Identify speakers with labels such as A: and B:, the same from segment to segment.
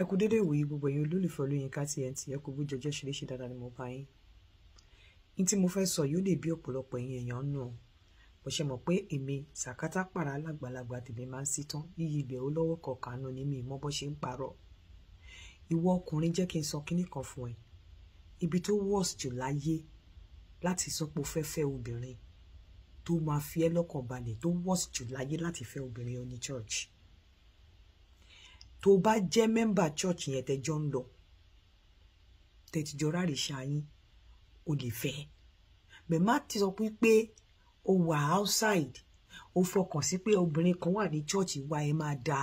A: ẹ kú dédé ìwòye gbogbo ẹ̀yin olólùfẹ́ Olóyinka TNT ẹ kú bó jẹjẹ ṣeréṣe dáadáa ni mo bá yín ní tí mo fẹ́ sọ yóò lè bí ọ̀pọ̀lọpọ̀ ẹ̀yin èèyàn nù mo ṣe mọ̀ pé èmi sàkátà pàrà alágbàlagbà tèmi máa ń sí tán yíyí ibẹ̀ ó lọ́wọ́ kọ̀ọ̀kanú ni mi mọ́ bó ṣe ń parọ́ ìwọ ọkùnrin jẹ́ kí n sọ kinní kan fún ẹ ibi tó worst jù láyé láti sọ pé o fẹ́ fẹ́ obìnrin tó máa fi ẹ́ lọ́kàn balẹ̀ tó worst jù láyé láti fẹ́ obìnrin oní church tó bá jẹ́ mẹ́mbà church yẹn tẹ́jọ́ ń lọ tẹ́tìjọ́ ráríṣà yín o lè fẹ́ bẹ̀ má ti sọ pé o wà outside o fọkàn sí pé obìnrin kan wà ní church wa ẹ máa da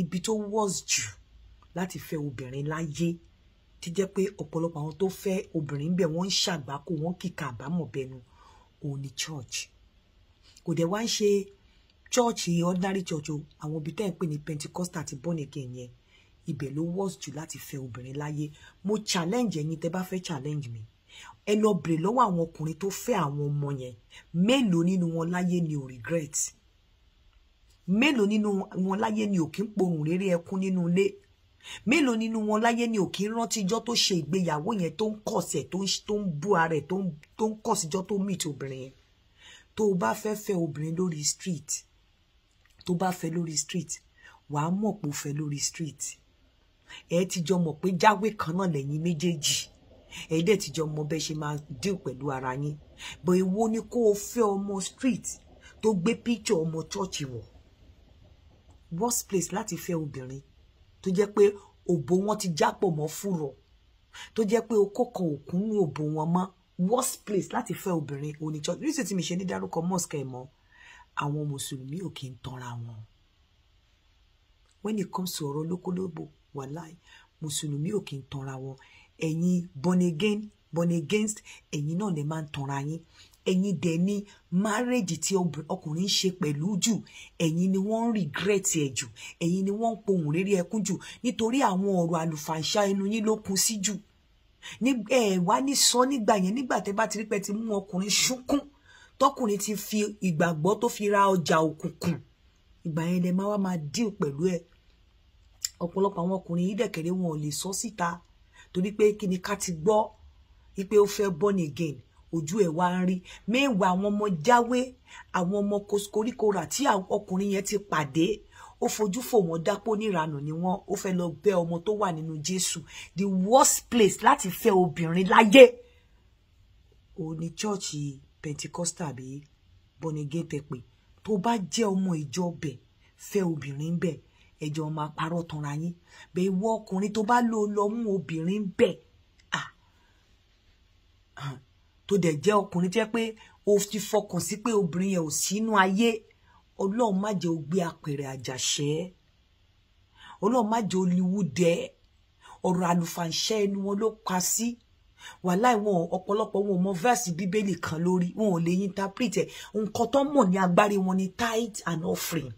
A: ibi tó worse jù láti fẹ́ obìnrin láyé ti jẹ́ pé ọ̀pọ̀lọpọ̀ àwọn tó fẹ́ obìnrin bẹ̀ wọ́n ń ṣàgbákò wọ́n kìkà àbámọ̀ bẹnu òun ni church kò dẹ̀ wá ń ṣe chọ́ọ̀chì ordinary church o àwọn ibi tẹ́ ń pè ní pentecostal àti born again yẹn ibẹ̀ ló worst jù láti fẹ́ obìnrin láyé mo challenge ẹ̀yin tẹ́ bá fẹ́ challenge mi ẹ lọ bèrè lọ́wọ́ àwọn ọkùnrin tó fẹ́ àwọn ọmọ yẹn mélòó nínú wọn láyé ni ò regret mélòó nínú wọn láyé ni ò kí ń pohùn réré ẹkún nínú ilé mélòó nínú wọn láyé ni ò kí ń rántíjọ́ tó ṣe ìgbéyàwó yẹn tó ń kọ̀sẹ̀ tó ń bú ara ẹ̀ tó ń kọ̀síjọ́ tó mìtì obìnrin yẹn tó o bá fẹ́ fẹ́ obìnrin lórí street tó bá fẹ́ lórí street wà á mọ̀ pé ó fẹ́ lórí street ẹ ti jọ mọ̀ pé jáwé kan náà lẹ́yìn méjèèjì ẹ dẹ̀ ti jọ mọ̀ bẹ́ẹ̀ ṣe máa deal pẹ̀lú ara yín bọ̀ èwo ni kó o fẹ́ ọmọ street tó gbé picture ọmọ church wọ̀ worst place láti fẹ́ obìnrin tó jẹ́ pé òbò wọn ti jápọ̀ mọ́ fúrọ̀ tó jẹ́ pé o kókò òkun ní òbò wọn mọ́ worst place láti fẹ́ obìnrin oníjọ́ níṣẹ́ tí mi ṣe ní dárúkọ mosque ẹ̀ mọ́ àwọn mùsùlùmí ò kí ń tanra wọn when it comes to ọ̀rọ̀ lókólóbò wàláì mùsùlùmí ò kí ń tanra wọn ẹ̀yin born again born against ẹ̀yin náà lè máa ń tanra yín ẹ̀yin dẹ̀ ní márẹ́jì tí ọkùnrin ń ṣe pẹ̀lú jù ẹ̀yin ni wọ́n ń regret ẹ̀ jù ẹ̀yin ni wọ́n ń pohùn réré ẹkún jù nítorí àwọn ọ̀rọ̀ àlùfàǹṣá inú yín ló kún sí jù ẹ wá ní sọ nígbà yẹn nígbà tẹ́ bá ti rí pé ti mú ọkùnrin ṣúnkún tọkùnrin ti fi ìgbàgbọ́ tó fi ra ọjà òkùnkùn ìgbà yẹn lẹ máa wá máa díò pẹ̀lú ẹ ọ̀pọ̀lọpọ̀ àwọn ọkùnrin yìí dẹ̀kẹ̀rẹ̀ wọn ò lè sọ síta torí pé kí ni ká ti gbọ́ wípé ó fẹ́ born again ojú ẹ̀ wá ń rí mẹ́wàá àwọn ọmọ jáwé àwọn ọmọ koríkora tí ọkùnrin yẹn ti pàdé ó fojú fò wọ́n dápò níranù ni wọ́n ó fẹ́ lọ bẹ́ ọmọ tó wà nínú Jésù the worst place láti fẹ́ obìnrin láyé òun ni chọ́ọ̀chì Pentecostal àbí bọnigé tẹpẹ tó bá jẹ́ ọmọ ìjọ bẹ̀ fẹ́ obìnrin bẹ̀ ẹ̀jọ̀ máa parọ́ tanra yín bẹ́ẹ̀ ìwọ ọkùnrin tó bá lò lọ mú obìnrin bẹ̀ tó dẹ̀ jẹ́ ọkùnrin tó yẹ pé o ti fọkàn sí pé obìnrin yẹn ò sínú ayé ọlọ́run má jẹ́ o gbé apèrè àjàṣẹ́ ọlọ́run má jẹ́ o liwú dẹ́ ọ̀rọ̀ wọn ló pa sí. Si wàláì wọn ọ̀pọ̀lọpọ̀ wọn ò mọ verse bíbélì kan lórí wọn ò lè interpret ẹ̀ nǹkan tó mọ̀ ní agbárí wọn ni tight and offering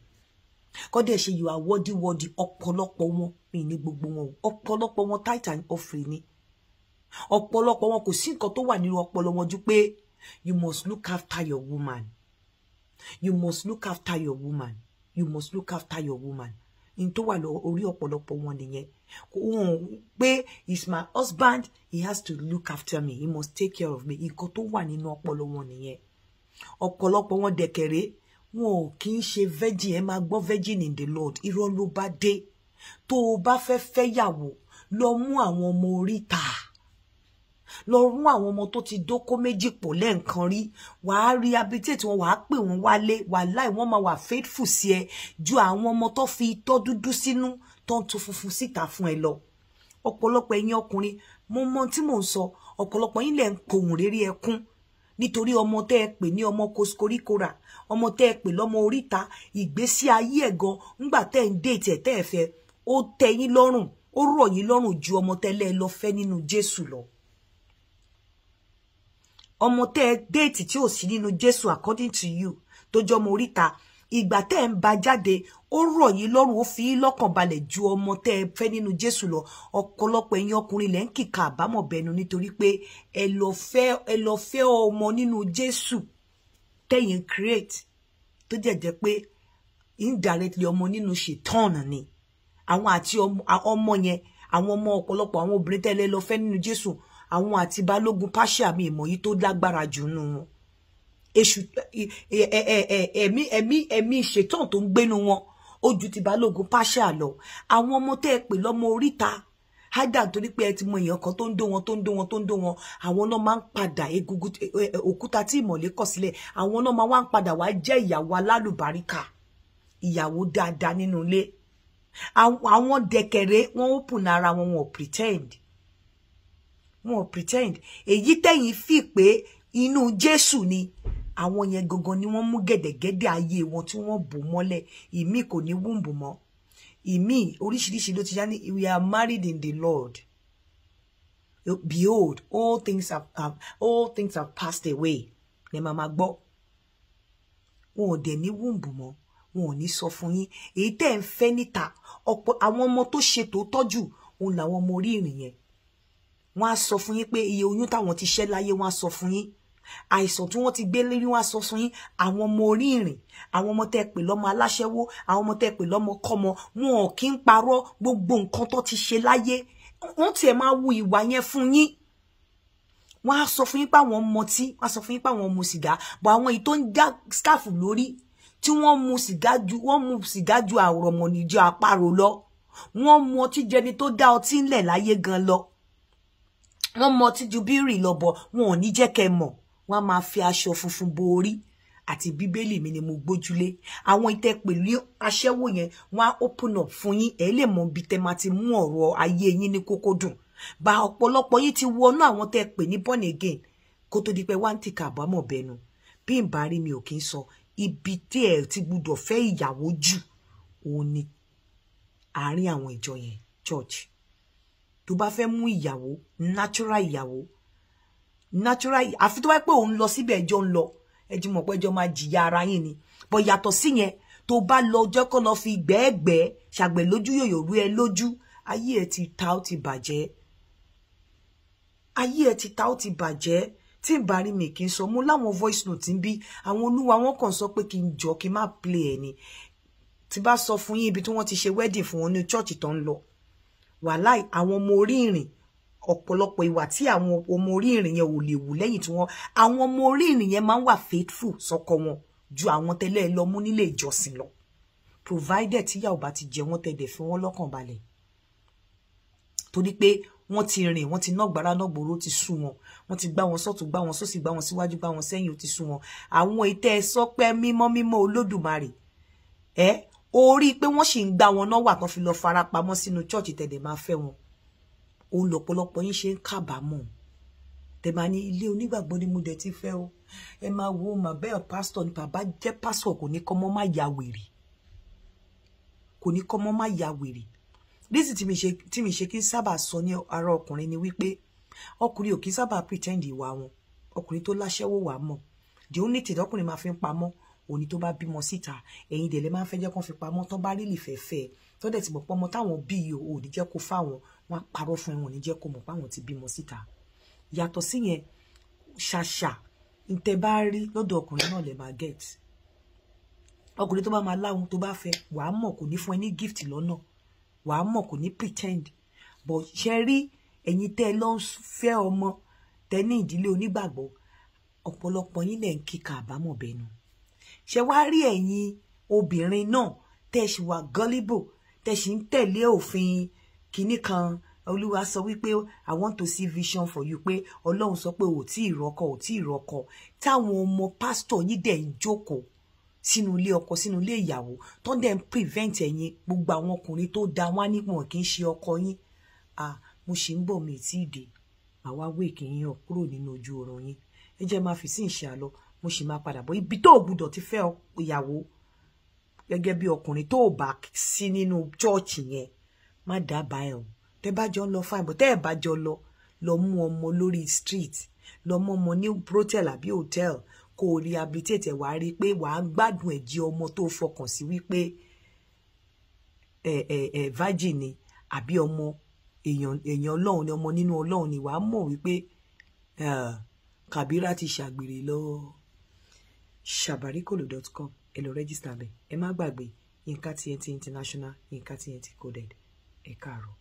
A: kọ́dẹ̀ ṣe yóò àwọ́díwọ́dí ọ̀pọ̀lọpọ̀ wọn mi ní gbogbo wọn ọ̀pọ̀lọpọ̀ wọn tight and offering ni ọ̀pọ̀lọpọ̀ wọn kò sí nǹkan tó wà nínú ọpọlọ wọn ju pé you must look after your woman you must look after your woman you must look after your woman In tó wà lọ orí ọ̀pọ̀lọpọ̀ wọn nìyẹn wọn pé is my husband he has to look after me he must take care of me nǹkan tó wa nínú ọpọlọ wọn nìyẹn ọ̀pọ̀lọpọ̀ wọn dẹ̀kẹ̀rẹ́ wọn ò kì í virgin ẹ máa gbọ́ virgin in the Lord irọ́ ló bá dé tó o bá fẹ́ fẹ́yàwó lọ mú àwọn ọmọ oríta lọ rún àwọn ọmọ tó ti dókó méjì pọ̀ lẹ́ẹ̀kan rí wàá rehabilitate wọn wàá pè wọn wálé wàláì wọn máa wà faithful sí ẹ ju àwọn ọmọ tó fi itọ́ dúdú sínú tó ń tu funfun síta fún ẹ lọ ọ̀pọ̀lọpọ̀ ẹ̀yin ọkùnrin mo mọ tí mò ń sọ ọ̀pọ̀lọpọ̀ yín lẹ̀ ń pohùn réré ẹkún nítorí ọmọ tẹ́ ẹ pè ní ọmọ koskoríkora ọmọ tẹ́ ẹ pè lọ́mọ oríta ìgbésí ayé ẹ̀ gan ńgbà tẹ́ ń déètì ẹ̀ tẹ́ ẹ fẹ́ ó tẹ́ yín lọ́rùn ó rọ̀ yín lọ́rùn ju ọmọ tẹ́lẹ̀ lọ fẹ́ nínú Jésù lọ ọmọ tẹ́ date déètì tí ò sí nínú according to you tó jọ ọmọ oríta ìgbà tẹ́ ẹ ń ba jáde ó rọ̀ yín lọ́rùn ó fi í lọ́kàn balẹ̀ ju ọmọ tẹ́ ẹ fẹ́ nínú Jésù lọ ọ̀pọ̀lọpọ̀ ẹ̀yin ọkùnrin lẹ́ ń kìka àbámọ̀ bẹnu nítorí pé ẹ lọ fẹ́ ẹ lọ fẹ́ ọmọ nínú Jésù tẹ́yìn create tó jẹ̀jẹ̀ pé indirectly ọmọ nínú ṣetán ni àwọn àti ọmọ yẹn àwọn ọmọ ọ̀pọ̀lọpọ̀ àwọn obìnrin tẹ́lẹ̀ lọ fẹ́ nínú Jésù àwọn àti balógun pàṣẹ mi ìmọ̀ yìí tó lágbára jù nù wọn èṣù ẹ̀mí ẹ̀mí ẹ̀mí ṣetán tó ń gbénu wọn ó ti balógun pàṣẹ lọ àwọn ọmọ tẹ́ ẹ pè lọ́mọ oríta hádà torí pé ẹ ti mọ èèyàn kan tó ń dó wọn tó ń dó wọn tó ń dó wọn àwọn náà máa ń padà egungun òkúta tí ìmọ̀lẹ́ kọ̀ sílẹ̀ àwọn náà máa ń padà wá jẹ́ ìyàwó alálùbáríkà ìyàwó dáadáa nínú ilé àwọn dẹ̀kẹ̀rẹ̀ wọn ó pùn ara wọn wọn pretend wọn ò pretend èyí tẹ̀yìn fi pé inú Jésù ni àwọn yẹn gangan ni wọ́n mú gẹ̀dẹ̀gẹ̀dẹ̀ ayé wọn tí wọ́n bò mọ́lẹ̀ ìmí kò ní wúǹbù mọ́ ìmí oríṣiríṣi ló ti já ní we are married in the Lord behold all things have, have all things have passed away ní màmá gbọ́ wọn ò dẹ̀ ní wúǹbù mọ́ wọn ò ní sọ fún yín èyí tẹ́ ń fẹ́ níta ọ̀pọ̀ àwọn ọmọ tó ṣe tòótọ́ jù òun làwọn ọmọ orí ìrìn yẹn wọ́n á sọ fún yín pé iye oyún táwọn ti ṣẹ́ láyé wọ́n á sọ fún yín àìsàn tí wọ́n ti gbé lérí wọ́n á sọ fún yín àwọn ọmọ orí ìrìn àwọn ọmọ tẹ́ pè lọ́mọ aláṣẹ́wó àwọn ọmọ tẹ́ pè lọ́mọ kọ́mọ wọn ò kí ń parọ́ gbogbo nǹkan tó ti ṣe láyé wọ́n tiẹ̀ máa wu ìwà yẹn fún yín wọ́n á sọ fún yín pé àwọn ọmọ tí wọ́n a sọ fún yín pé àwọn ọmọ sìgá bọ àwọn èyí tó ń já skáàfù lórí tí wọ́n mu sìgá ju wọ́n mu sìgá ju àrọ̀mọ̀nìjọ àparò lọ wọ́n mu ọtí jẹni tó dá ọtí ńlẹ̀ láyé gan lọ wọ́n mọ tí ju bírì lọ́bọ wọn ò ní jẹ́ kẹ́ mọ̀ wọ́n á máa fi aṣọ funfun bo orí àti bíbélì mi ni mo gbójúlé àwọn ìtẹ pẹ̀lú aṣẹ́wó yẹn wọ́n á open up fún yín ẹ lè mọ ibi tẹ máa ti mú ọ̀rọ̀ ayé yín ní kókó dùn bá ọ̀pọ̀lọpọ̀ yín ti wọnú àwọn tẹ pè ní born again kó tó di pé wá ń tìka àbámọ̀ bẹnu bí n bá rí mi ò kí ń sọ ibi tí ẹ ti gbúdọ̀ fẹ́ ìyàwó jù òun ni àárín àwọn ìjọ yẹn church tó bá fẹ́ mú ìyàwó natural ìyàwó natural àfi tó bá pé òun lọ síbẹ̀ ẹjọ́ ń lọ ẹjọ́ mọ̀ pé ẹjọ́ máa jìyà ara yín ni bọ̀ yàtọ̀ síyẹn tó bá lọ ọjọ́ kọ́ lọ fi gbẹ́ẹ̀gbẹ́ ṣàgbẹ̀ lójú yòyò rú ẹ lójú ayé ẹ ti ta ó ti bàjẹ́ ayé ẹ ti ta ó ti bàjẹ́ tí n bá rí mi kì í sọ mo láwọn voice note ń bí àwọn olúwa wọn kàn sọ pé kí n jọ kí n má play ẹ ni tí bá sọ fún yín ibi tí wọ́n ti ṣe wedding fún wọn ní church tó ń lọ wàláì àwọn ọmọ orí ìrìn ọ̀pọ̀lọpọ̀ ìwà tí àwọn ọmọ orí ìrìn yẹn ò lè wù lẹ́yìn tí wọ́n àwọn ọmọ orí yẹn máa ń wà faithful sọ́kọ wọn ju àwọn tẹ́lẹ̀ lọ mú nílé ìjọsìn lọ provided tíyà ò bá ti jẹ wọ́n tẹ̀dẹ̀ fún wọn lọ́kàn balẹ̀ torí pé wọ́n ti rìn wọ́n ti nọgbàrá nọgbòrò ti sú wọn wọ́n ti gbá wọn sọ́tún gbá wọn sósì gbá wọn síwájú gbá wọn sẹ́yìn ó ti sú wọn àwọn ìtẹ́ sọpẹ́ mímọ́ mímọ́ olódùmarè ẹ orí pé wọ́n sì ń gbá wọn náà wà tán fi lọ farapamọ́ sínú chọ́ọ̀chì tẹ̀dẹ̀ máa fẹ́ wọn òun lọ́pọ̀lọpọ̀ yín ṣe ń kábàámọ̀ tẹ̀ máa ní ilé onígbàgbọ́ ni mo dẹ̀ ti fẹ́ o ẹ máa wo màbẹ́ẹ̀ pásítọ̀ ni bàbá jẹ́ pásítọ̀ kò ní kọ́mọ́ má ya wèrè kò ní kọ́mọ́ má ya wèrè rísì tí mi ṣe kí n sábà sọ ní ara ọkùnrin ni wípé ọkùnrin ò kí n sábà pretend ìwà wọn ọkùnrin tó láṣẹ́wó wà mọ̀ the only thing ọkùnrin máa fi ń pamọ́ òní tó bá bímọ síta ẹ̀yin dẹ̀ lè máa ń fẹ́ jẹ́ kó fi pamọ́ tó bá rìlì fẹ́ fẹ́ tó dẹ̀ ti mọ̀ pọ́mọ táwọn bí yìí ò ní jẹ́ kó fáwọn wọn á parọ́ fún ẹ̀wọ̀n ní jẹ́ kó mọ̀ páwọn ti bímọ síta yàtọ̀ síyẹn ṣàṣà ntẹ bá rí lọ́dọ̀ ọkùnrin náà lè máa get ọkùnrin tó bá máa láwọn tó bá fẹ́ wàá mọ̀ kò ní fún ẹ ní gift lọ́nà wàá mọ̀ kò ní pretend but ṣe rí ẹ̀yin tẹ́ ẹ lọ ń fẹ́ ọmọ tẹ́ ní ìdílé onígbàgbọ́ ọ̀pọ̀lọpọ̀ yín lẹ̀ ń kíkà àbámọ̀ bẹnu ṣe wá rí ẹ̀yin obìnrin náà tẹ́ ṣì wà gullible tẹ́ ṣì ń tẹ̀lé òfin kìíní kan olúwa sọ wípé i want to see vision for you pé ọlọ́run sọ pé ò tí ì rọ́kọ ò tí ì rọ́kọ táwọn ọmọ pásítọ̀ yín dẹ̀ ń jókòó sínú ilé ọkọ sínú ilé ìyàwó tó ń dẹ̀ ń prevent ẹ̀yin gbogbo àwọn ọkùnrin tó da wá nípọn kì í ṣe ọkọ yín ah mo ṣì ń bọ̀ mi tí ì dé àwa wé kì í yàn kúrò nínú ojú oorun yín ẹ jẹ́ máa fi sí ìṣe àlọ́ mo sì máa padà bọ̀ ibi tó o gbúdọ̀ ti fẹ́ ìyàwó gẹ́gẹ́ bí ọkùnrin tó o bá sí nínú chọ́ọ̀chì yẹn má dábàá ẹ̀ o tẹ́ bá jọ ń lọ fáìbọ̀ tẹ́ ẹ̀ bá jọ lọ lọ mú ọmọ lórí street lọ mú ọmọ ní brothel àbí hotel kó o rehabilitate wàá rí i pé wàá gbádùn ẹ̀jẹ̀ ọmọ tó o fọkàn sí wípé ẹ̀ ẹ̀ ẹ̀ virgin ni àbí ọmọ èèyàn ọlọ́run ni ọmọ nínú ọlọ́run ni wàá mọ̀ wípé kàbírà ti ṣàgbèrè lọ́wọ́ shabarikolo.com ẹ lọ rẹ́gísítà bẹ́ẹ̀ ẹ má gbàgbé Yinka TNT International Yinka TNT coded ẹ káàárọ̀.